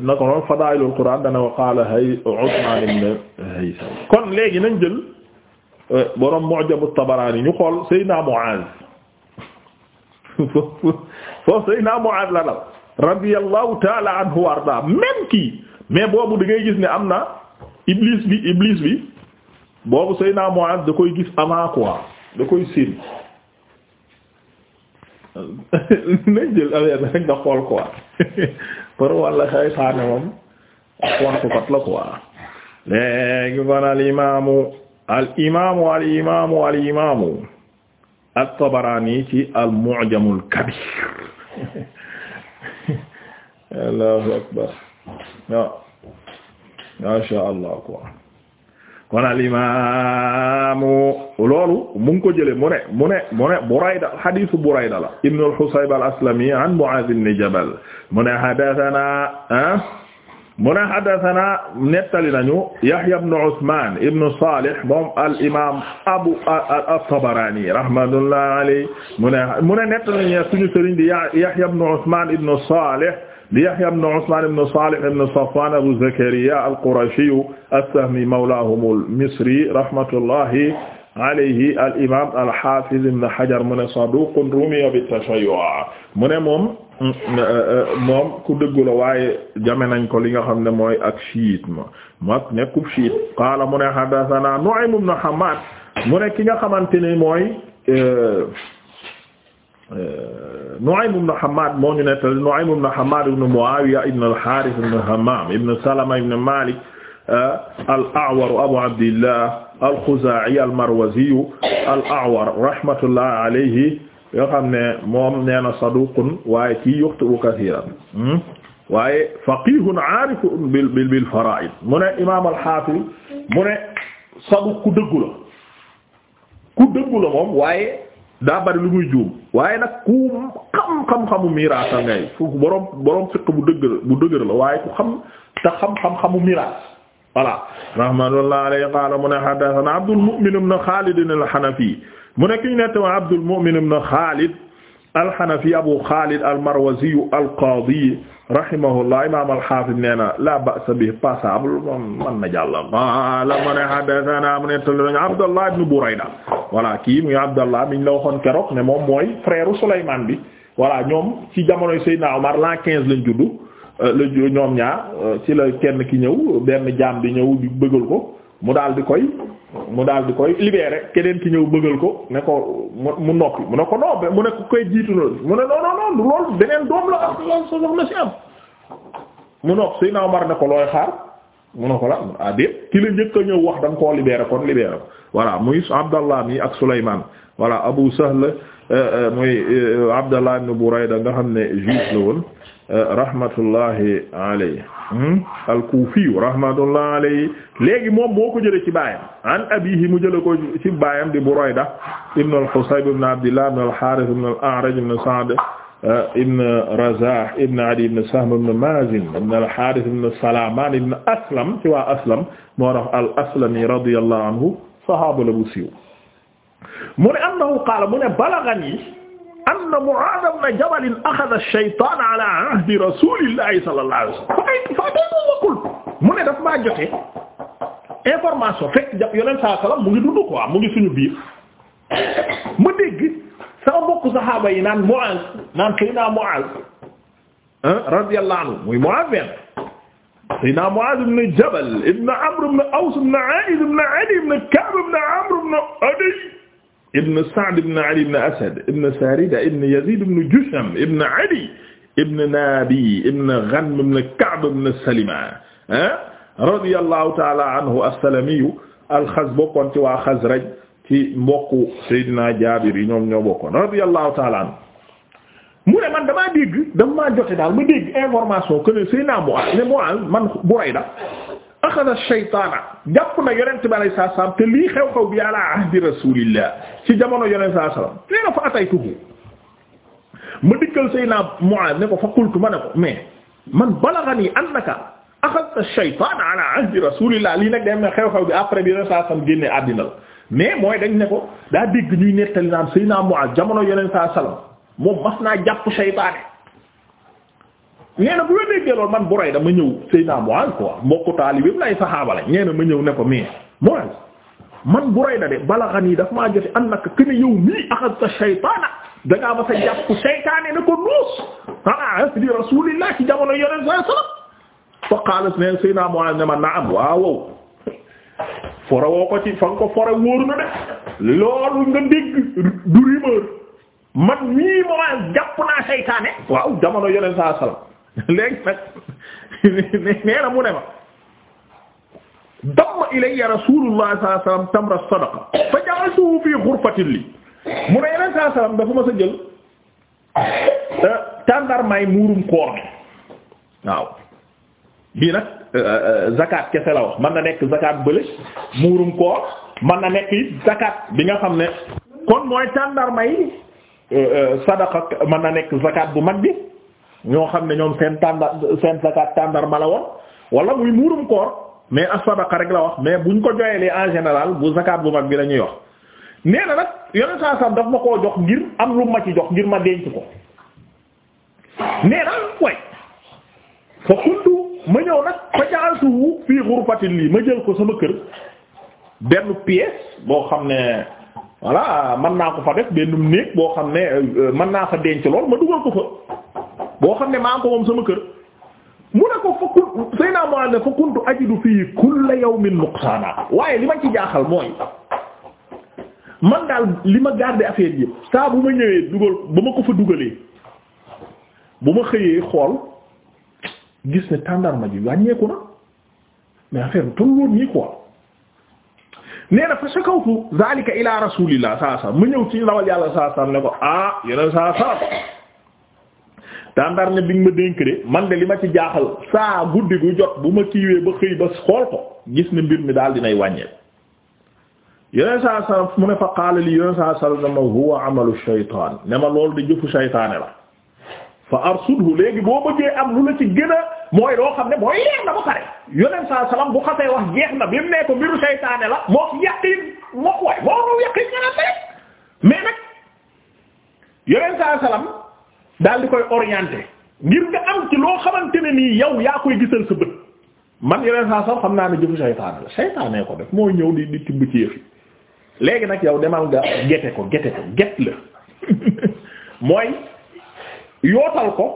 na ko noon fadaa'ilul qur'an dana wa qaala hay Usmaan ibn kon léegi nañ jël euh, borom Mu'jamu Tabaraani ñu xool Seydina Mu'aaz foofu foofu la dal radiyallahu ta'ala anhu wa arda même kii mais boobu di ngay gis ni am na iblis bi iblis bi boobu Seydina Mu'aaz da koy gis avant quoi da koy séen nañ jël affaire rek nga xool quoi pour walla saytaane moom waxtukat la quoi léegi kon al imaamu al imaamu al imaamu al imaamu at-Tabarani ci al-Mu'jam al-Kabir Allahu akbar waaw ma sha Allah quoi kon al imaamu loolu mu ngi ko jële mu ne mu ne mu ne Burayda hadiisu Burayda la ibnu al-Husayb al-Aslami an Mu'aaz ibn Jabal mu ne hadathana ah, mu ne haddathana nettali nañu Yahya ibn Usman ibn Salih moom al imaam Abu at-Tabarani rahmatullahi alayhi mu ne mu ne nettali nañu suñu sëriñ di Yahya ibn Usman ibn Salih di Yahya ibn Usman ibn Salih ibn Safwan Abu Zakariya al-Qurashi as-Sahmi mawlahum al-Misri rahmatullahi alayhi al imaam al-Hafiz ibn Hajar mu ne saduq rumiya bit-tashayyu' mu ne moom Mm, euh, euh, moom ku dëggu la waaye jame nañ ko li nga xam ne mooy ak chiite ma mag nekkub chiite qaala mu ne hadathana Nu'aym ibn Hammad mu ne ki nga xamante ne mooy euh, Nu'aym ibn Hammad moo ñu nettali Nu'aym ibn Hammad ibn Muawiya ibn al-Harith ibn Hammam ibn Salama ibn Malik al-A'war Abu Abdillah al-Khuza'i al-Marwazi al-A'war rahmatullah alayhi yoo xam ne moom nee na saduqun waaye kii yuxtu kathiran hmm? waaye faqihun aarifun bil bil bil fara'id mu ne imaam al-Hafiz mu ne saduq ku dëggu la ku dëggu la moom waaye daa bari lu muy juum waaye nag ku xam xam-xamu miraas a ngay foofu boroom boroom fiq bu dëgg bu dëgër la waaye ku xam te xam xam-xamu miraas voilà rahmatullah alayhi qaala mu ne haddathana Abdul Mu'min ibn Khalid al-Hanafi mu nekk ñu nett ma Abdul Mu'min ibn Khalid al-Hanafi Abu Khalid al-Marwazi al-Qadi rahimahullah imam al-Hafiz nee na la ba'sa bi passable moom man na jàll la mu ne hadathana mu nettali nañu Abdallah ibn Burayda voilà kii muy Abdallah miñ la waxoon keroog ne moom mooy frère Souleymane bi voilà ñoom ci jamonoy Seydina Omar l'an quinze lañ juddu euh, la ñoom ñaar euh, ci la kenn ki ñëw benn jaam bi ñëw di bëggal ko mu daal di koy mu daal di koy libéré keneen ki ñëw bëggal ko ne ko mu noppi mu ne ko noobe mu ne ko koy jiitu loolu mu ne non non non loolu doom la ak ah, loolu sa si am mu nopp si naaw mar ne ko looy xaar mu ne ko la ah ki la njëkk ñëw wax da koo libéré kon libéré ko voilà muy Abdallah mi ak Souleymane voilà Abu Sahl euh, euh, muy euh, Abdallah ibn Burayda nga xam ne juif la woon. rahmatullahi alayhi hmm? al-Kufi rahmatullahi alayhi léegi moom moo ko jëlee ci baayam an abiihi mu jëlee ko ci baayam di Burayda ibn al-Husayb ibn Abdillah ibn al-Harith ibn al-A'raj ibn Sa'd eh, ibn Razah ibn Adi ibn Sahm ibn Mazin ibn al-Harith ibn Salaman ibn Aslam ci waa Aslam moo tax al-Aslami radiyallahu anhu sahaaba la bu siiw mu ne annahu qaala mu ne balaghani anna Mu'aaz ibn Jabal axada ash-shaytaan alaa ahdi rasuulillaahi sallallaahu alayhi wa sallam fa qul mu ne daf maa jotee information fekk jàpp yonent saa salaam mu ngi dund quoi mu ngi suñu biir ma dégg sama mbokku saxaaba yi naan Mu'aaz naan Seydina Mu'aaz radiyallaahu anhu muy Mu'aaz benn Seydina Mu'aaz ibn Jabal ibn Amr ibn Aws ibn Aa'id ibn Adiy ibn Ka'b ibn Amr ibn ibn Sa'd ibn Ali ibn Asad ibn Sarida ibn Yazid ibn Jusham ibn Ali ibn Nabi ibn Ghanm ibn Ka'b ibn Salima ah, radiyallahu ta'ala anhu as-Salamiyu al-Khaz bokkoon ci waa Khazraj ci mbokku Seydina Jaabir yi ñoom ñoo bokkoon radiyallahu ta'ala anhu mu ne man damaa dégg damaa jote daal ma dégg information que ne Seydina Mu'aaz ne Mu'aaz man Burayda axada shaytaana jàpp na yonent bi alayhi salaatu salaam te lii xew xew bi ala ahdi rasulillah ci jamono yonent saa salaam nee na fa ataytuhu ma dikkal Seydina Muaaz ne ko fa qultu ma ne ko mais man balaghanii annaka axadta shaytaana ala ahdi rasulillah lii nag day mel xew xew bi après bi yonent saa salaam génne àddina la mais mooy dañ ne ko daa dégg ñuy nettali naan Seydina Muaaz jamono yonent saa salaam moom mas naa jàpp shaytaane nee bu la déggee loolu man Burayda ma ñëw Seydina Muaz quoi mbokk taalibe bi lay saxaaba la nee ma ñëw ne ko mais Muaz man Burayda de balaghani daf maa jote annaka kene yow mii axadta shaytaana da ngaa ma sa jàpp seytaane na ko nuus ah asli rasulillah ci jamono yoneen sa salam fa qalat ne Seydina Muaz ne ma naam waawow fore woo ko ci fa ko fore wóor na de loolu nga dégg du rumeur man mii Muaz jàpp naa seytaane waaw jamono yoneen léegi nag nee na mu ne ma damma ilayya rasulullah sallallahu alayhi wasallam tamra sadaqa fa ja'altuhu fi ghurfatin li mu ne yeneen saa salaam dafa ma sa jël euh, tàndarmaay muurum koor waaw bii nag euh, euh, zakat kese la wax mën na nekk zakat bële muurum koor mën na nekk it zakat bi nga xam ne kon mooy tàndarmaay sadaka mën na nekk zakat bu mag bi ñoo xam ne ñoom seen tàndar seen zakat tàndar ma la woon wala muy muurum koor mais as-sadaqa rek la wax mais buñ ko joyelee en général bu zakat bu mag bi la ñuy wax. nee na nag yonent saa saam daf ma koo jox ngir am lu ma ci jox ngir ma denc ko nee na way fa kuntu ma ñëw nag fa ja'altuhu fii ghurfatin lii ma jël ko sama kër benn pièce boo xam ne. voilà mën naa ko fa def benn néeg boo xam ne euh, mën naa fa denc lool ma dugal ko fa boo xam ne maa ko moom sama kër mu ne ko fa kun naa moo ne fa kuntu ajidu fii kulla yawmin nuqsaana waaye li ma ci jaaxal mooy man daal li ma garder affaire yi saa bu ma ñëwee dugal ba ma ko fa dugalee bu ma xëyee xool gis ne tàndarma ji wàññeeku na mais affaire bi tolloon nii quoi nee na fa shakawtu zalika ila rasulillah saa saa ma ñëw ci ndawal yàlla saa saa ne ko ah yeneen saa saa tàndar ne bi nga ma dénk de man de li ma ci jaaxal saa guddi gu jot bu ma kiiwee ba xëy ba xool ko gis ne mbir mi daal dinay wàññeel yeneen saa saa mu ne fa qaala li yeneen saa saa ne ma huwa amalu shaytaan di jëfu shaytaane la fa arsudhu ci gën mooy loo xam ne mooy leer na ba pare yeneen saa salaam bu xasee wax jeex na bi ko mbiru shaytaane la moo yaqin moo waay moo yaqin nga naan mais nag yeneen saa salaam. daal di koy orienté ngir nga am ci loo xamante ne nii yow yaa koy gisal sa bët man yeneen saa sax xam naa ne jëfu saytaane la saytaane ko def moo ñëw di di tibb ci yëf yi léegi nag yow demal nga gete ko gete ko get la mooy yootal ko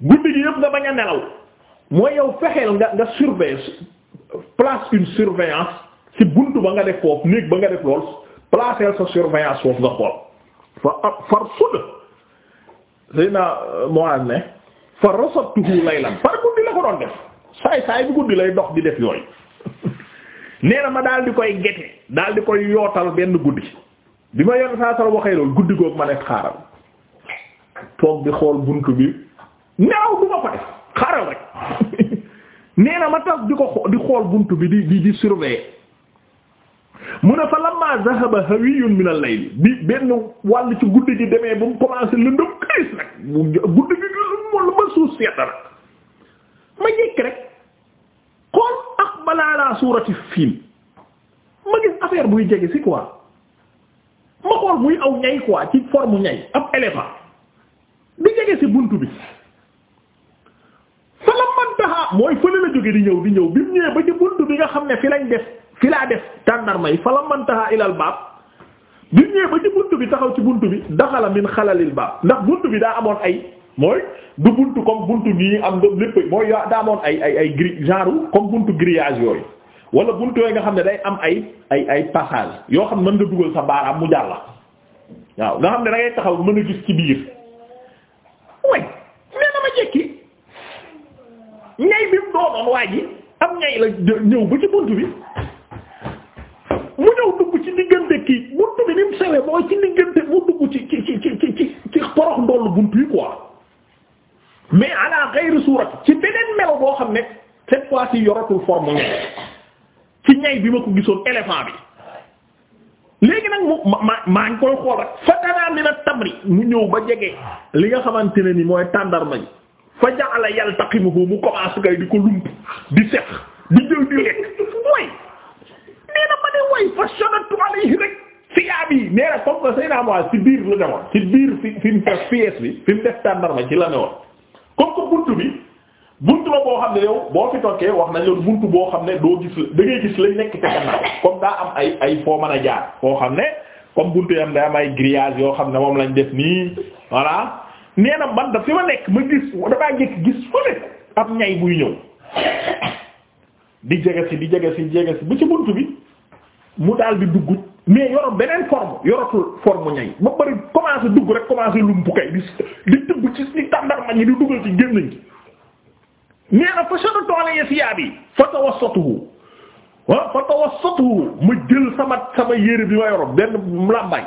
guddi gi yëpp nga bañ a nelaw mooy yow fexeel nga nga surveiller place une surveillance ci buntu ba nga def foofu néeg ba nga def lool placer sa surveillance foofu nga xool fa far Seyna Muaz ne fa rasattuhu laylan par guddi la ko doon def saay saay bu guddi lay dox di def yooyu nee ma daal di koy gete daal di koy yootal benn guddi bi ma yoon saa sal waxee loolu guddi googu ma ne xaaral toog di xool buntu bi nelaw du ma ko rek nee ma tax di ko di xool bunt bi di di di surveiller mu ne fa lamma zahaba hawiyun min al-layl bi benn wàll ci guddi gi demee ba mu commencé lëndëm kiis nag guddi gi lu ma suuf sedd nag xool ma buy jege si quoi ma xool muy aw ñay quoi ci forme ñay ab éléphant di jege si buntu bi fa lamma taxa mooy fële la jóge di ñëw di ñëw bi mu ñëwee ba ci buntu bi nga xam ne fi lañ def fi laa def tàndarma yi fa la mantaha ilal baab bi ñëwee ba ci buntu bi taxaw ci bunt bi daxala min xalalil baab ndax buntu bi daa amoon ay mooy du buntu comme buntu bi am doom lépp mooy daa amoon ay ay ay gri genre comme wala buntu yooyu nga xam ne day am ay ay ay passage yoo xam ne mën nga dugal sa baaraam mu jàll waaw nga xam ne da taxaw mën a gis ci biir way nee na jekki ñay bi mu doonoon waa ji am ñay la ñëw ba ci buntu bi sewe mooy ci diggante mu dugg ci ci ci ci ci ci torox ndoll mais ala ghayri surat ci beneen melo boo xam ne cette fois ci yoratul forme ne ci ñay bi ma ko gisoon éléphant bi léegi nag mu ma maa ngi koy xool rek fatanaa min at-tamri mu ñëw ba jege li nga xamante ne ni mooy tàndarma ji fa ja'ala yaltaqimuhu mu commencé kay di ko lump di seq di jël di lekk way nee na ma ne way fa shanatu alayhi rek siyaab yi nee na comme que Seydina Muaaz ci biir lu demoon ci biir fi fi mu def bi fi mu def tàndarma ci la ne woon comme que buntu bi buntu la boo xam ne yow boo fi tokkee wax nañ loolu buntu boo xam ne doo gis da gis lañ nekk ci gannaaw comme daa am ay ay foo mën a jaar foo xam ne comme buntu yam day am ay grillage yoo xam ne moom lañ def nii voilà nee na man fi ma nekk ma gis dafaa jëkk gis fële am ñay buy ñëw di jege si di jege si jege si bu ci buntu bi mu daal dugg. mais yoro beneen forme yoratul mu ñay ba bari commencé dugg rek commencé lu kay di di tëbb ci di tàndarma ñi di dugal ci gémmiñ gi nee na fa shaddu alayya siyaabi fa tawassatuhu ah fa tawassatuhu ma jël sama sama yére bi ma yoroon benn làmbaay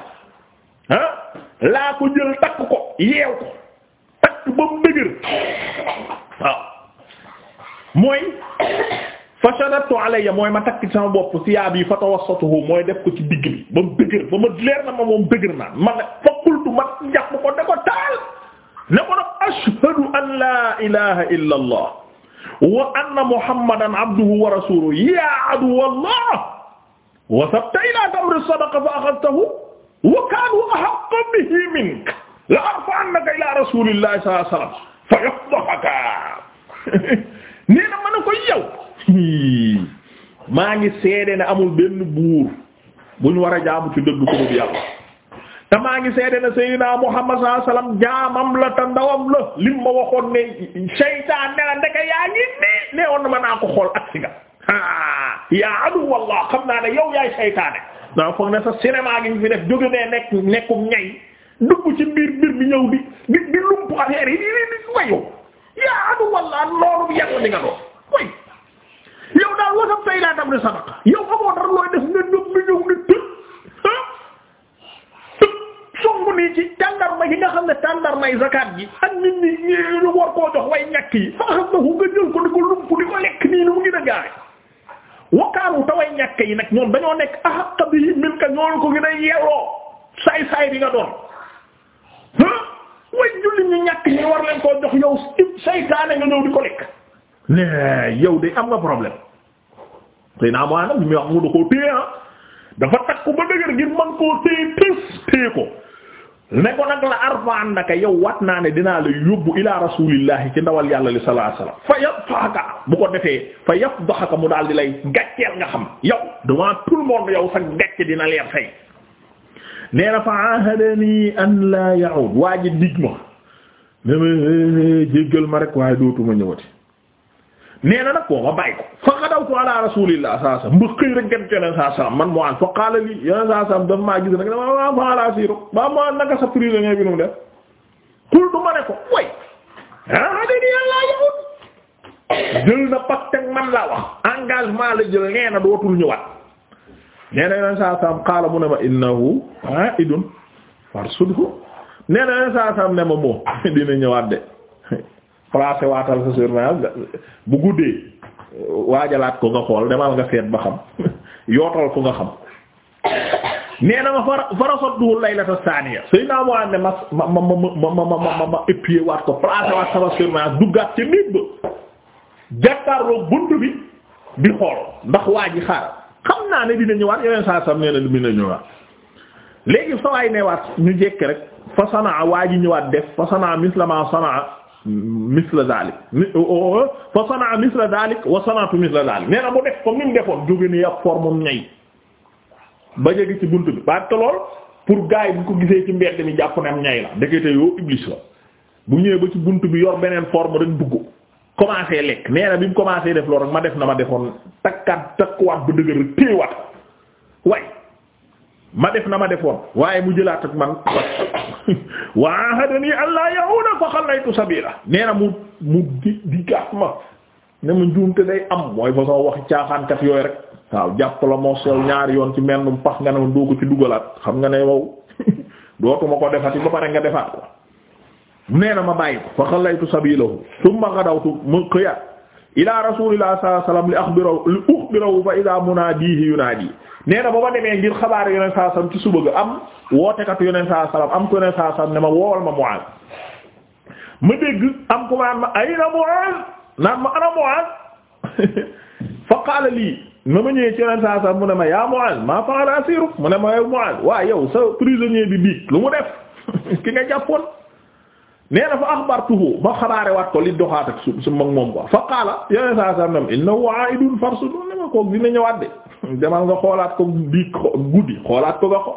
ah laa ko jël takk ko yeew ko takk ba mu dëgër waaw mooy fa shadadtu alayya mooy ma takk ci sama bopp siyaab yi fa tawassatuhu mooy def ko ci digg bi ba mu dëgër ba ma leer na ma moom dëgër naa ma ne fa qultu ma njàpp ko ne ko taal ne ko nag ashhadu an laa ilaha illa allah wa anna muhammadan abduhu wa rasuluhu ya aduwallah wasabta ila tamri sadaqa fa akhadtahu wa kaanu ahaqqa bihi minka la arfa'annaka ila rasulillahi sallallahu alayhi wa sallam fa yafdahaka nee na ma ne ko yow maa ngi seede ne amul benn buur bu ñu war a jaamu ci dëgg ko bu yàlla te maa ngi seede ne Seydina Muhammad sallallahu alayhi jaamam la te ndawam la lim ma waxoon ne seytaan ne la ndeke yaa ngi nii nee woon na ma naa ko xool ak si nga yaa adu wallah xam naa ne yow yaay seytaane naa foog ne sa cinéma gi fi def jóge nee nekk nekkum ñay dugg ci biir biir bi ñëw di di di lump affaire yi di di wayu yaa adu wallah loolu yàlla di nga doon yow daal wasam tay laa tam di sadaqa yow amoo dara looy def nga ñëw nga ñëw nga tëb tëb nii ci tàndarma yi nga xam ne tàndarmay zakat ji ak nit ñi ñu war koo jox way ñàkk yi fa xam na fu nga jël mu ngi a gaare yi nag ñoom dañoo nekk ahaqqa bihi minka ñoolu ko gën a yelloo saay-saay bi nga doon way julli ñu ñàkk ñi war leen koo jox yow saytaane nga ñëw di ko lekk ne yow de am nga problème tey naa maa nag mi wax mu da koo téye ah dafa takku ba dëgër ngir man koo téye tës téye ko ne ko nag la arfaan naka yow wat naa ne dinaa la yóbbu ila rasulillahi ci ndawal yàlla li sallallahu alayhi wasallam fa yafdaxaka bu ko defee fa yafdaxaka mu daal di lay gàcceel nga xam yow devant tout le monde sa gàcce dina leer fay nee na fa ahadani an la ya'ud waa ji dig ma ne ma eh, eh, eh, jéggal ma rek waaye dootuma ñëwati nee na nag boo ma bàyyi ko fa xadawtu ala rasulillah saa saa mba xëy rek dem coono saa saa man mu ànd fa qaala lii yeneen saa saa dafa maa gis nag ah, di engagement la jël nee na dootul ñëwaat nee ma moo dina ñëwaat de. placé waatal sa surveillance bu guddee waajalaat ko nga xool demal nga seet ba xam yootal ko nga xam nee na ma fara farasodduwul laylata saaniya suy naa moo am ne ma ma ma ma ma ma ma épier waat ko placé waat sama surveillance duggaat ca nit ba jàkkaarloo bunt bi di xool ndax waa ji xaaral xam naa ne dina ñëwaat yeneen saa sam nee na dina ñëwaat léegi fa waay newaat ñu jekk rek fa sanaa waa ji ñëwaat def fa sanaa mislama sanaa misla zalik oh, oh, oh, fa sanaa misla zalik wa sanaatu misla zalik nee na mu def comme ni mu defoon jóge ni ak formam ñay ba jege ci bunt bi ba te lool pour gaay bu ko gisee ci mbedd mi jàpp ne am ñay la ndekete yoo iblis la bu ñëwee ba ci bunt bi yor beneen forme rek dugg commencé lekk nee na bi mu commencé def loolu rek ma def na ma defoon takkaat takkuwaat bu dëgër rek téewaat waaye ma def na ma defoon waaye mu jëlaat ak man wa ahadani allah yahuda fa xalaytu sabila nee na mu mu di di gàtt ma ne ma njuumte day am mooy façon waxi caaxaankat yooyu rek waaw jàpp la moo sew ñaari yoon ci mennum pax nga ne doo ko ci dugalaat xam nga ne wow dootuma ko defati ba pare nga defaat ko nee na ma bàyyi ko fa xalaytu sabilahu summa gadawtu mu xëyaat ila rasulillah sallallahu alayhi wasallam li akhbira li ukhbirahu fa ida munadihi yunadi nee na demee ngir xabaar yoneen saa sallam ci suba ga am wootekat yoneen saa sallam am ko yoneen saa sallam ne ma woowal ma Mu'aaz ma dégg am ku ma naan ma ana Mu'aaz fa qaala lii mu ne ma mu ne ma yow sa prisonnier bi biig lu mu def ki nga jàppoon nee na fa axbartuhu ma xabaare waat ko li doxaat ak su su mag moom quoi fa qaala yeneen saa saa nam innahu aidun farsudun ne ma koog dina ñëwaat de demal nga xoolaat ko bii guddi xoolaat ko nga ko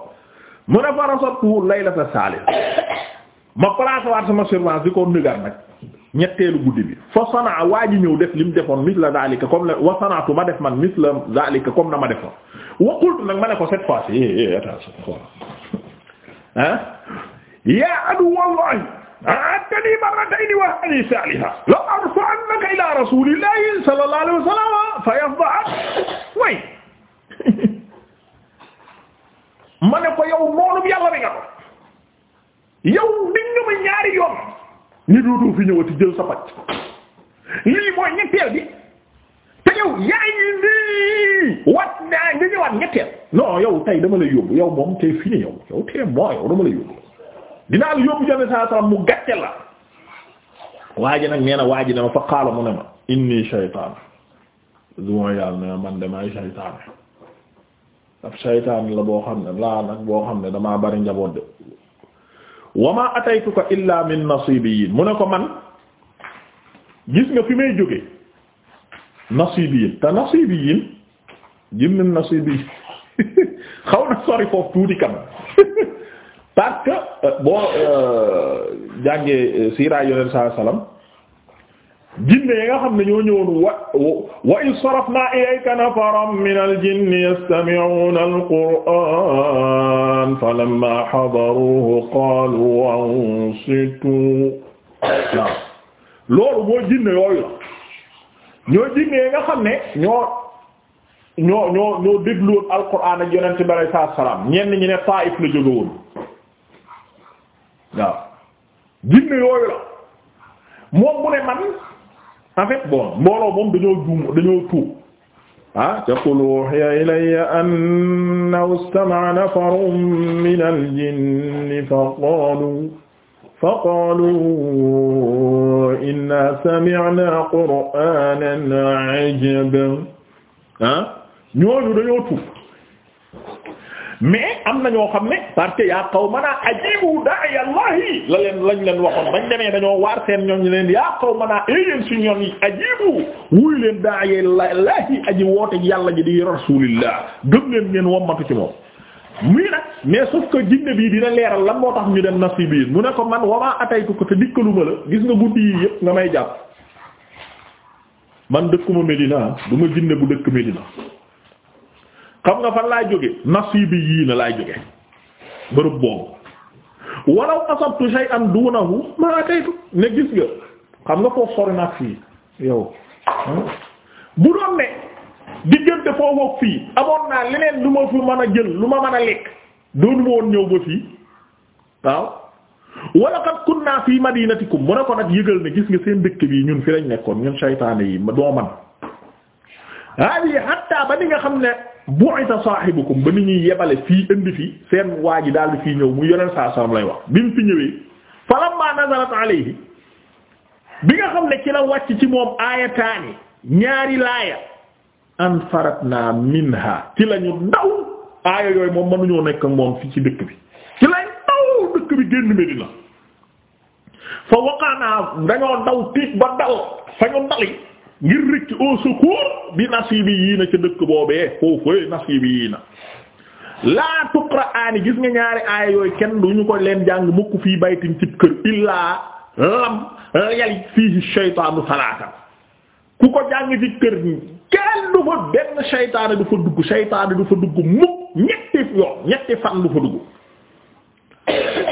mu ne fa rasatuhu laylata salis ma placé waat sama surveillance di ko ndigar nag ñetteelu guddi bi foo sanaa waa ji ñëw def li mu defoon la dalika comme la wa sanaatu ma def man misla dalika comme na ma defoon wa qultu nag ma ne ko cette fois eh, eh, attani marratayni wa hadi salisa la arfa'annaka ila rasulillahi sallallahu alayhi wa fa yafda'ak way ma ne ko yow moolum yàlla bi nga ko yow dig nga ma ñaari yoon ni dootoo fi ñëwati jël sa pàcc lii mooy ñetteel bi te yow yaa ngi nii wat naa ngi ñëwaat ñetteel non yow tey dama lay yóbbu yow moom tey fi ne yow yow tey moo yow dama lay yóbbu dinaa la yóbbu jone saa mu gàcce la waa ji nag nee na waa ji ne ma fa qaala mu ne ma inni shaytaan duma yàlla ne man damay shaytaan ab shaytaan la boo xam ne laa nag boo xam ne damaa bari njaboot de wa ma ataytuka illa min nasibiyin mu ne ko man gis nga fi may jóge nasibiyin te nasibiyin jim nasibiyin xaw na sori foofu tuuti kan parce que euh, boo euh, jàngee euh, siiraay yonent sallallahu alayhi wasallam jinne yi nga xam ne ñoo ñëwoon wa wa in sarafna ilayka nafaran min al-jinni yastami'una al-qur'an falamma hadaruhu qalu ansitu waaw loolu mooy jinne yooyu la ñoo jinne yi nga xam ne ñoo ñoo ñoo ñoo dégluwoon al-qur'an ak yonent bi sallallahu alayhi wasallam ñenn ñi ne Taif la jógewoon waaw jinne yooyu la moom mu ne man en fait bon mbooloo moom dañoo juum dañoo tuub ah ca qul uhiya ilayya annahu istama'a nafarun min al-jinni fa qaalu fa qaalu inna sami'na qur'anan ajaban ah ñooñu dañoo tuub mais am na ñoo xam ne parce que yaa qawmanaa ajibu da'i Allahi la leen lañ leen waxoon bañ demee dañoo waar seen ñoom ñu leen yaa qawmanaa éyéen eh si ñoom yi ajibu wuy leen da'i Allahi aji woote yàlla ji di rasulillah gëm leen ngeen wommatu ci moom muy nag mais sauf que jinne bii dina leeral lan moo tax ñu dem naf si biir mu ne ko man wamaa ataytu ko te dikkaluma la gis nga guddi yi yëpp nga may jàpp man dëkkuma Medina du ma jinne bu dëkk Medina xam nga fan laa jóge nasibi yii na laa jóge bërëb boobu walaw asabtu shay'an dunahu ma ataytu ne gis nga xam nga foofu sori nag fii yow bu doon ne diggante foofu fii amoon naa leneen lu ma fi mën a jël lu ma mën a lekk doonu ma woon ñëw ba fii waaw wala kat kunna fii madinatikum mu ne ko nag yëgal ne gis nga seen dëkk bi ñun fi lañ nekkoon ñun saytaane yi doo man hadi hatta ba ni nga xam ne bu'ita saahibukum ba ni ñuy yebale fii indi fi seen waa ji daal di fii ñëw mu yoneen saa salaam lay wax bi mu fi ñëwee falamma nazalat alayhi bi nga xam ne ci la wàcc ci moom aayataani ñaari laaya an faratna minha ci lañu daw aaya yooyu moom mënuñoo nekk moom fi ci dëkk bi ci lay daw dëkk bi génn Medina fa waqaanaa dañoo daw tiit ba dal fa ñu dali ngir rëcc au secours bi nasibi yii na ca dëkk boobee foofu nasibi yii na laa tuqra aani gis nga ñaari aaya yooyu kenn du ñu ko leen jàng mukk fii baytin cib kër illaa lam yali fii shaytaanu salaata ku ko jàng ci kër kenn du fa benn shaytaane du fa dugg shaytaane du fa dugg mukk ñetti yoon ñetti fan du fa dugg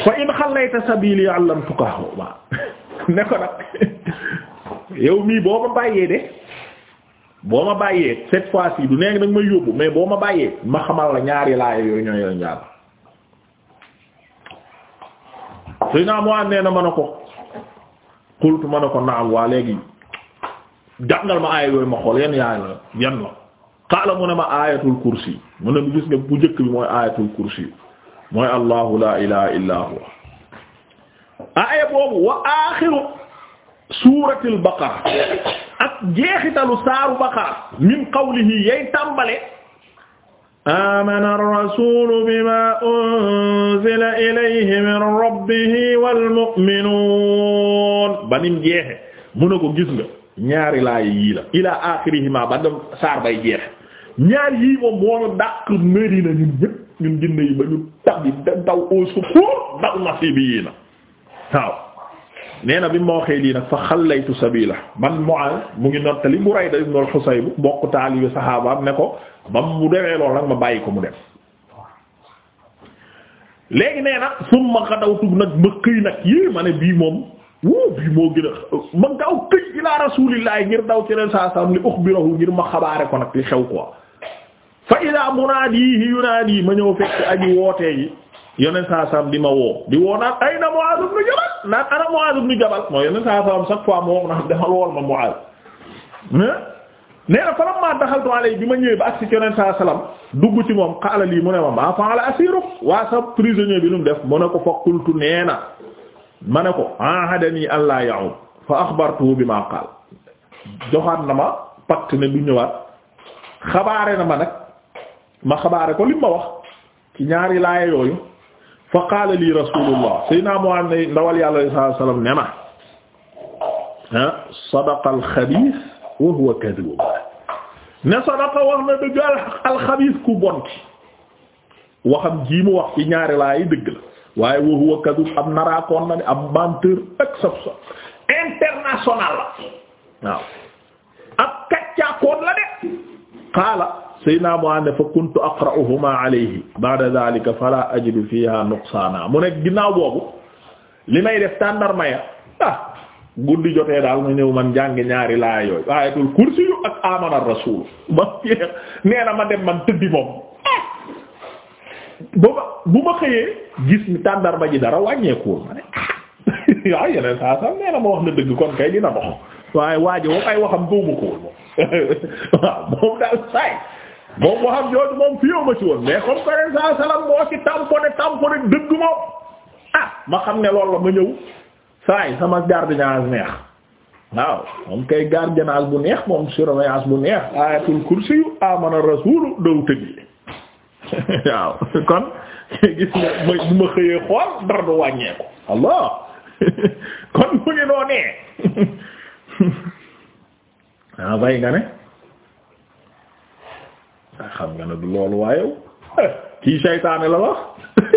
fa in xalayta sabili allam tuqahu ne ko nag yow mii boo ma bàyyee de boo ma bàyyee cette fois-ci du nekk nag may yóbbu mais boo ma bàyyee ma xamal la ñaari laaya yooyu ñoo yor ñaar suy naa moo am nee na man a ko xultu man a ko naam waa léegi jàngal ma aaya yooyu ma xool yan yaay la yan la xaala ne ma aayatul kursi mu ne gis nga bu njëkk bi mooy aayatul kursi mooy allahu la ilaha illa huwa aaya boobu wa aaxiru suuratil baqara ak jeexitalu baqara min qawlihi yay tàmbale amana ar-rasuulu bimaa unzila ilayhi min rabbihi wal mu'minuun banim jeexe mu ne ko gis nga ñaari laay yii la ilaa aaxirihima ba saar bay jeexe ñaar yii moom moo ñu dàq Medina ñun ñépp ñun jinne yi ba ñu daw au secours daw nasiibi yii nee na bi ma waxee lii nag fa xallaytu sabila man Mu'aaz mu ngi nottali Burayda ibn al-Husayb bokk taalibi saxaabaam ne ko ba mu demee lool nag ma bàyyi ko mu dem. léegi nee na summa xadawtu nag ma xëy nag yii ma ne bii moom wuu bii moo gën a ma gaaw këj ilaa rasuulillaahi ngir daw keneen leen saa saam li uxbirahu ngir ma xabaare ko nag li xew ko fa ilaa munaadihi yunaadi ma ñëw fekk aji wootee yi. yoneen saa saam di ma woo di woo naan ay na Muaz ibn Jabal naan ana Muaz ibn Jabal mooy yoneen saa saam chaque fois mu wax naan demal wool ma Muaz nee na falamma daxaltu alayhi bi ma ñëwee ba agsi ci yoneen saa salaam dugg ci moom xaala yi mu ne ma maa fa'ala asiruk waa sa prisonnier bi nu mu def mu ne ko fa qultu nee ma ne ko ahadani an la ya'ud fa axbartuhu bima qaal joxaat na ma pacte ne du ñëwaat xabaare na ma nag ma xabaare ko li ma wax ci ñaari fa li lii rasulullah sayyidina Muhammad ne ndawal yàlla sallallahu alayhi wasallam ne ma ah sadaqa alxabiis wa huwa kaduub ne sadaqa wax na dëgg alxabiis ku bon ki waxam ji mu wax ci ñaari laay dëgg la waaye wa huwa kaduub am naraakoon na ne am menteur exception international la waaw ab kàccaakoon la de qaala Seydina Mu'aaz ne aqra'uhuma alayhi ba'da dhalika fala ajidu fiha nuqsaana mu ne ginnaaw boobu li may def tàndarma ya ah jotee daal ma ñëw man jàngi ñaari laaya yooyu aayatul kursi yu ak amana ma jeex nee ma dem tëddi moom ah! bu ma xëyee gis ni tàndarma ji dara wàññeekuwul ma ne waaw ah, yeneen saa ma wax na dëgg kon kay dina dox waaye waajo moom ay waxam góobu ko woon moom waaw saay moom moo xam moom fii ma ci woon mais comme que ren saa salaam moo ci tamponné tamponné dëgg moom ah ma xam ne lool la ma ñëw saay sama gardiennage neex waaw moom kay gardiennage bu neex moom surveillance bu neex ayatul kursi yu amana rasulu daw tëgg waaw kon gis nga bu ma xëyee xool dara du wàññeeku allah kon mu ngi noonee ah bay nga ne. xam nga ne du loolu waaye kii seytaane la wax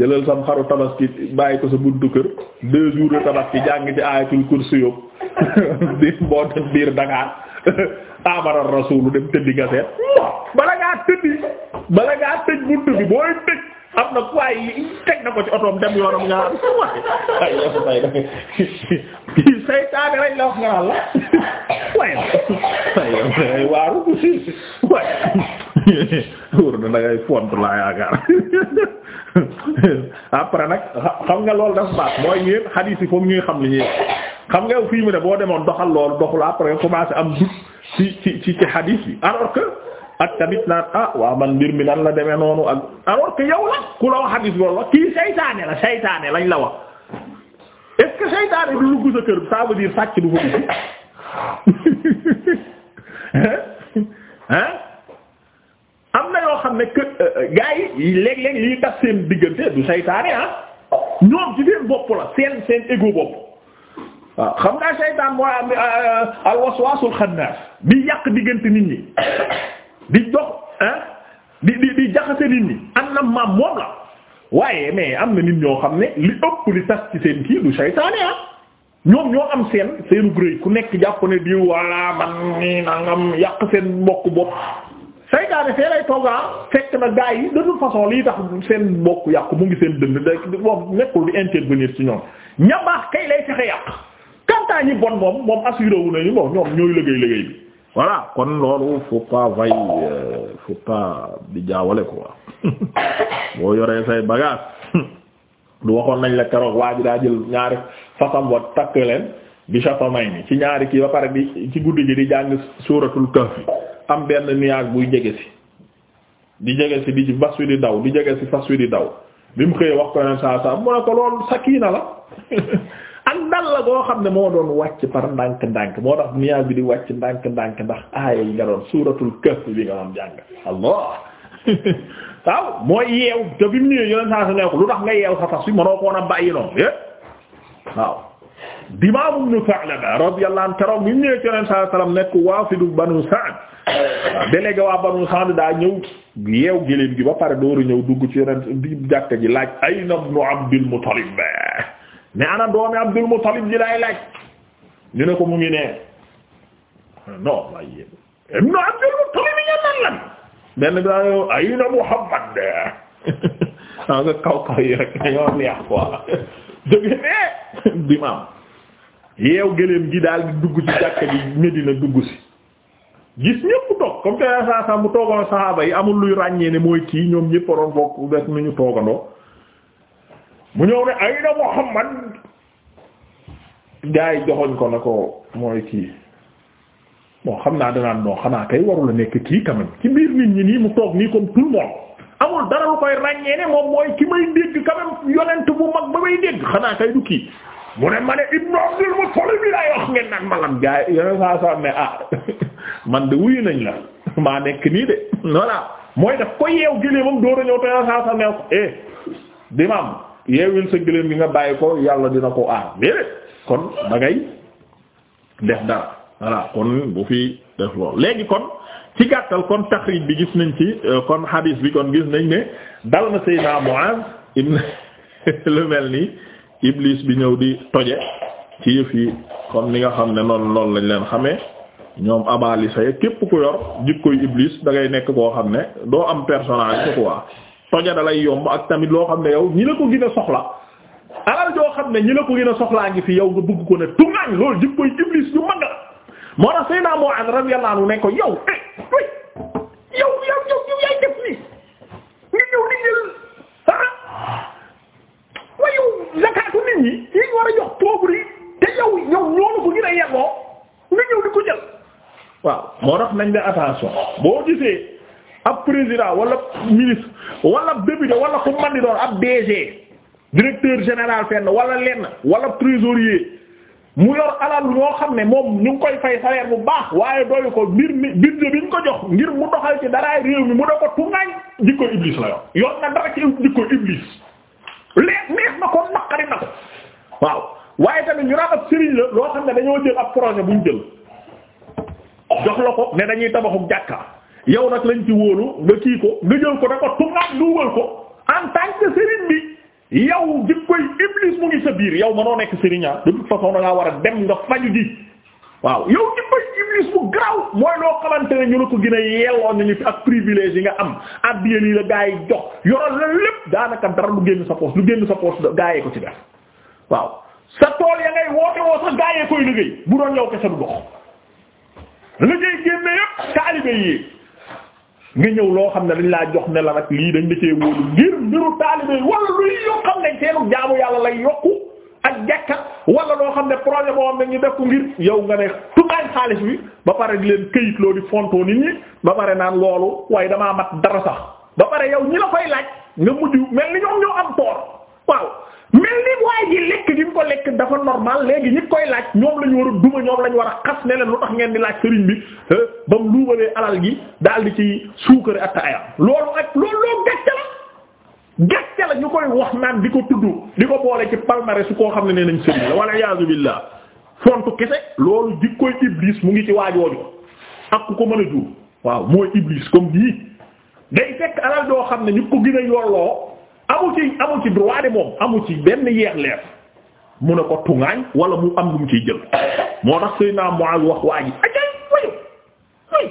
jëlal sam xaru tabaski bàyyi ko sa buntu kër deux jours de tabaski jàng ci aayatul kursi yóbbu biir boo def biir Dakar amara rasulu dem tëddi nga seet bala ngaa tëddi bala ngaa tëj buntu bi booy tëj am na waaye yi teg na ko ci otoom dem yoonam nga naan waaye yow Mbaye dafay saytaane lañ la wax nga naan la waaye waaye yow da ngay waaru waaye wóor na da ngay font laa yaakaar après nag xam nga loolu dafa baax mooy yéen xadiis yi foog ñuy xam li ñuy xam nga fii mu ne boo demoon doxal loolu doxul après commencé am dut ci ci ci xadiis yi alors que. ak naan ah waaw man mbir mi lan la demee noonu ak alors que yow la ku la wax hadis loolu la kii saytaane lañ la wax est-ce que saytaane du dugg sa kër ça veut dire sàcc du fa dugg hein am na yoo xam ne que euh, euh, gars yi léeg-léeg liy seen diggante du saytaane ah ñoom ci seen bopp la seen seen égo bopp xam naa saytaan mooy euh, al waswasul xannaas bi yàq diggante nit ñi di jox ah di di di jaxase nit ñi am na maam moom la waaye mais am na nit ñoo xam ne li ëpp li tas ci seen kii du saytaane ah ñoom ñoo am seen seenu gré ku nekk jàpp ne di walla man nii nangam yàq seen mbokk bopp saytaane fee lay togga ah. fekk na gaa yi de toute façon lii tax seen mbokk yàq mu ngi seen dënd da moom nekkul di intervenir ci ñoom ña baax kay lay fexe yàq quant ñi bon moom moom assuré wu nañu bon ñoom ñooy liggéey liggéey bi voilà kon loolu faut pas vay euh, faut pas di jaawale quoi boo yoree say bagage du waxoon nañ la keroog waa ji daa jël ñaari fasam wa takk leen bi may ci ñaari kii ba pare di ci guddi gi di jàng suuratul kahf am benn nuage buy jege si di jege si di ci fas wi di daw di jege si fas wi di daw bi mu xëyee wax ko neen saa saa mu ne ko loolu sakina la ak dal la goo xam ne moo doon wàcc par ndànk-ndànk moo tax nuage bi di wàcc ndànk-ndànk ndax aaya yi nga doon suuratul kahf bi nga doon jàng allah waaw mooy yeew te bi mu ñëwee yoneen saa sa neeku lu tax nga yeew sa fas wi mënoo koon a bàyyi noonu yépp eh? waaw Dimaam ibn Sa'laba radiyallahu anhu keroog bi mu ñëwee ci yoneen saa sallam nekk waafidu Banu Sa'd délégué waa Banu Sa'd daa ñëw yeew gëléem gi ba pare dooru ñëw dugg ci yoneen di jàkka ji laaj ayna ibnu Abdul Muttalib mais ana doomi Abdul Muttalib ji lay laaj ñu ne ko mu ngi nee non waay Abdul Muttalib yi ñen nan lan benn daa yo ay na Muhammad waaw nga kaw kaw yi rek ñoo neex quoi jóge ne dimaam yeew gëléem gi daal di dugg ci jàkka ji Medina dugg si gis ñëpp toog comme te saa saa mu toogoon saxaaba yi amul luy ràññee ne mooy kii ñoom ñëpp waroon bokk def nu ñu toogandoo mu ñëw ne ayna Muhammad gaa yi joxoñ ko na ko mooy kii moo xam naa danaan noo xanaa kay warul a nekk kii quand même ci nit ñi nii mu toog nii comme tout le monde amul dara lu koy ràññee ne ki may dégg quand kay du kii mu ne ma ne Ibnu Abdul Muttalib bi laay wax ngeen naan ma lan gaa yi yonent ne ah man de wuyu nañ la maa nekk nii de voilà mooy daf ko yeew gëlee moom door a ñëw te yonent saa saa ne eh yeewil sa gëléem gi nga bàyyi ko yàlla dina ko aar déedéet kon dangay ngay def dara voilà kon bu fi def loolu léegi kon ci gàttal kon taxrij bi gis nañ ci euh, kon hadis bi kon gis nañ ne dal na Seydina Muaz ibn lu mel ni Iblis bi ñëw di toje ci yëf yi kon ni nga xam ne noonu loolu lañ leen xamee ñoom abali saye képp ku yor jikkoy Iblis da ngay nekk koo xam ne doo am personnage quoi toja a lay yomb ak tamit loo xam ne yow ñi la ko gën a soxla alal joo xam ne ñi la ko gën a soxlaa ngi fi yow nga bëgg ko ne tuŋaañ loolu jikkoy iblis yu mag la moo tax Seydina Mu'aaz radiyallahu anhu ne ko yow eh yow yow ah, nit ñi yi war a jox pauvre te yow yow ñoo ko gën a yelloo nga ñëw di ko jël waaw moo tax nañ ne attention boo gisee. ab président wala ministre wala député wala ku man di doon ab DG directeur général fenn wala lenn wala trésorier mu yor alal ñoo xam ne moom ñu ngi koy fay salaire bu baax waaye doyu ko mbir mi budget bi ñu ko jox ngir mu doxal ci daraay réew mi mu da ko tuŋaañ jikko iblis la yor yor na dara ci jikko iblis leeg neex na ko naqari na ko waaw waaye tamit ñu naan ab sëriñ la loo xam ne dañoo jël ab projet bu ñu jël jox la ko ne dañuy tabaxu jàkka yow nag lañ ci wóolu nga kii ko nga jël ko da ko tungaat ko en tant que bi yow di koy iblis mu ngi sa biir yow mënoo nekk sëriñ ah façon da war a dem nga faju ji waaw yow di koy iblis mu graw mooy loo xamante ne la ko gën a yeewoon nañu fi ak privilège yi nga am addiya lii la gaa yi jox yoral la lépp daanaka dara lu génn sa poche lu génn sa poche gaa yee ko ci def waaw sa tool ya ngay woote woo sax gaa yee koy liggéey bu doon yow nga ñëw loo xam ne dañ laa jox ne la lii dañ da cee wóolu ngir mbiru taalibe wala luy yoo xam ne seenu jaamu yàlla lay yokku ak jàkka wala loo xam ne problème boo xam ne ñu def ko ngir yow nga ne tuqaay xaalis bi ba pare di leen këyit loo di fontoo nit ñi ba pare naan loolu waaye damaa mat dara sax ba pare yow ñi la koy laaj nga mujj mel ni ñoom ñoo am toor waaw mel ni waaye ji lekk gi mu ko lekk dafa normal léegi ñi koy laaj ñoom la ñu war a duma ñoom la war a xas ne leen lu tax ngeen di laaj sëriñ bi eh, ba mu luubalee alal gi daal di ci suukare attaaya loolu ak loolu loo gàcce la ñu koy wax naan di ko tudd di ko boole ci palmarès su koo xam ne ne nañ sëriñ la wala yaazu billah fontu kese loolu jikkoy iblis mu ngi ci waajooju ak ku ko mën a jur waaw mooy iblis comme bii day fekk alal doo xam ne ñu ko gën a yolloo amu ci amu ci droit de moom amu ci benn yeex leer mu ne ko tuŋaañ wala mu am lu mu jël moo tax sëy naa Muaz wax waa ji ajay wayu way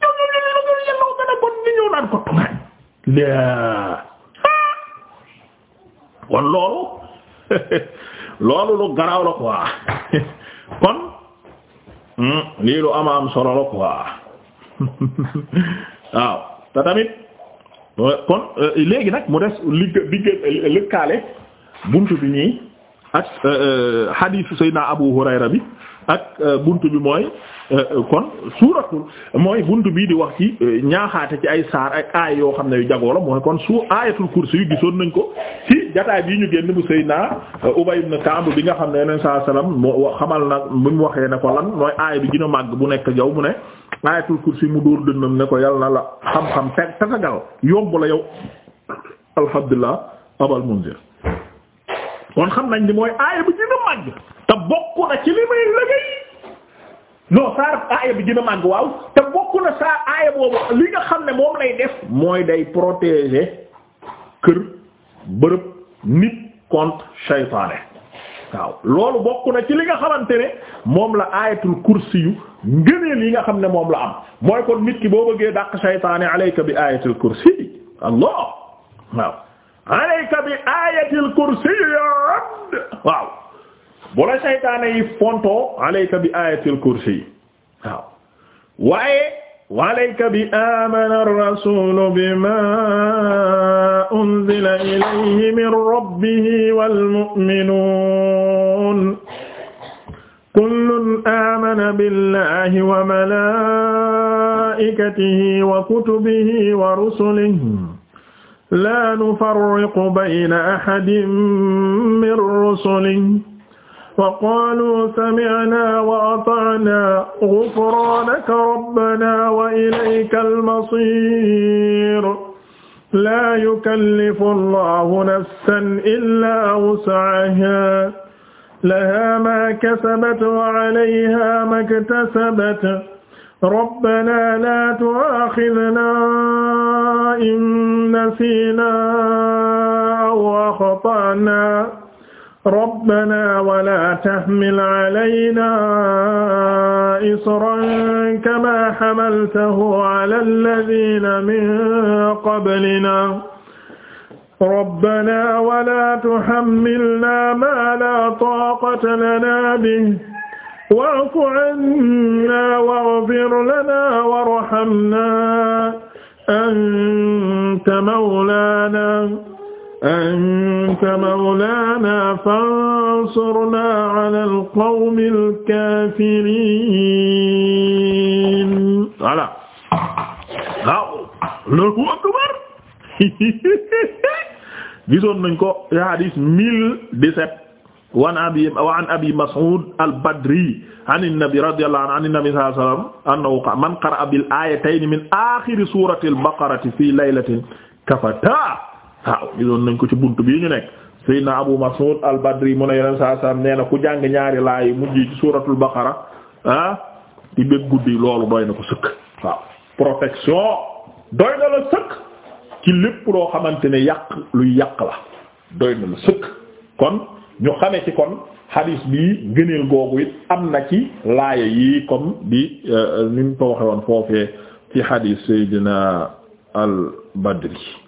ñow ñoom ño la ñol yelloo gën a bon ni ñëw ko tuŋaañ kon loolu loolu lu garaaw la hmm, am solo la quoi waaw te tamit Euh, kon euh, léegi nag mu des li digg lëkkaale buntu bi ñii ak euh, xadiisu Seydina Abu Hurayra bi ak euh, buntu bi mooy euh, kon suuratul mooy buntu bii di wax ci euh, ñaaxaate ci ay saar ak aay yoo xam ne yu jagoo la mooy kon su aayatul kursi yu gisoon nañ ko ci jataay bii ñu génn bu naa Ubay na Ka'b bi nga xam ne yeneen saa salaam moo xamal na bu mu waxee ne ko lan mooy aay bi gën màgg bu nekk jaw mu ne aayatul kursi mu dóor dënnam ne ko yal na la xam-xam te tatagal yomb la yow alhamdulillah abal munzir kon xam nañ ni mooy aaya bi gën màgg bokk na ci li may liggéey non saar aaya bi gën a màgg waaw te bokk na saar aaya boobu li nga xam ne moom lay def mooy day protéger kër bërëb nit contre shaytaane waaw loolu bokk na ci li nga xamante ne moom la aayatul kursi yi nga xam ne moom la am mooy kon nit ki boo bëggee dàq shaytaane alayka bi aayatul kursi allah waaw alayka bi aayatil kursi waaw bu la saytaane yi fonto alayka bi ayatil kursi waaw waaye waalayka bi amana ar-rasulu bima unzila ilayhi min rabbihi wal mu'minun kullun amana billahi wa malaikatihi wa kutubihi wa rusulihi la nufarriqu bayna ahadin min rusulihi wa qaaluu sami'naa wa ata'naa ghufraanaka rabbanaa wa ilaykal masiir laa yukallifu llaahu nafsan illaa wus'ahaa lahaa maa kasabat wa 'alayhaa maktasabat rabbanaa laa tu'aakhidhnaa in nasiinaa aw akhta'naa rabbana wala tahmil alayna isran kama hamaltahu ala alladhina min qablina rabbana wala tuhammilna ma la taqata lana bihi wa'fu 'anna waghfir lana warhamna anta mawlana anta mawlaana fansurnaa alal qawmil kaafiriin voilà waaw Allahu akbar gisoon nañ ko hadis mille dix-sept wa an abi Mas'ud al-Badri an an-nabi radiyallahu anhu an an-nabi sallallahu alayhi wa sallam annahu qaala man qara'a bil aayatayni min aaxiri suurati al-baqarati fii laylatin kafataa waaw nañ ko ci bunt bi ñu nekk Seydina Abu Mas'ud al-Badri mu ne yeneen saa saa nee na ku jàng ñaari laay mujj ci suuratul Baqara ah di bëgg guddi loolu doy na ko sëkk waaw protection doy na la sëkk ci lépp loo xamante ne yàq luy yàq la doy na la sëkk kon ñu xame ci kon hadis bi gëneel googu it am na ci laaya yi comme bi euh, ni mu ko waxe woon foofee ci hadis Seydina al-Badri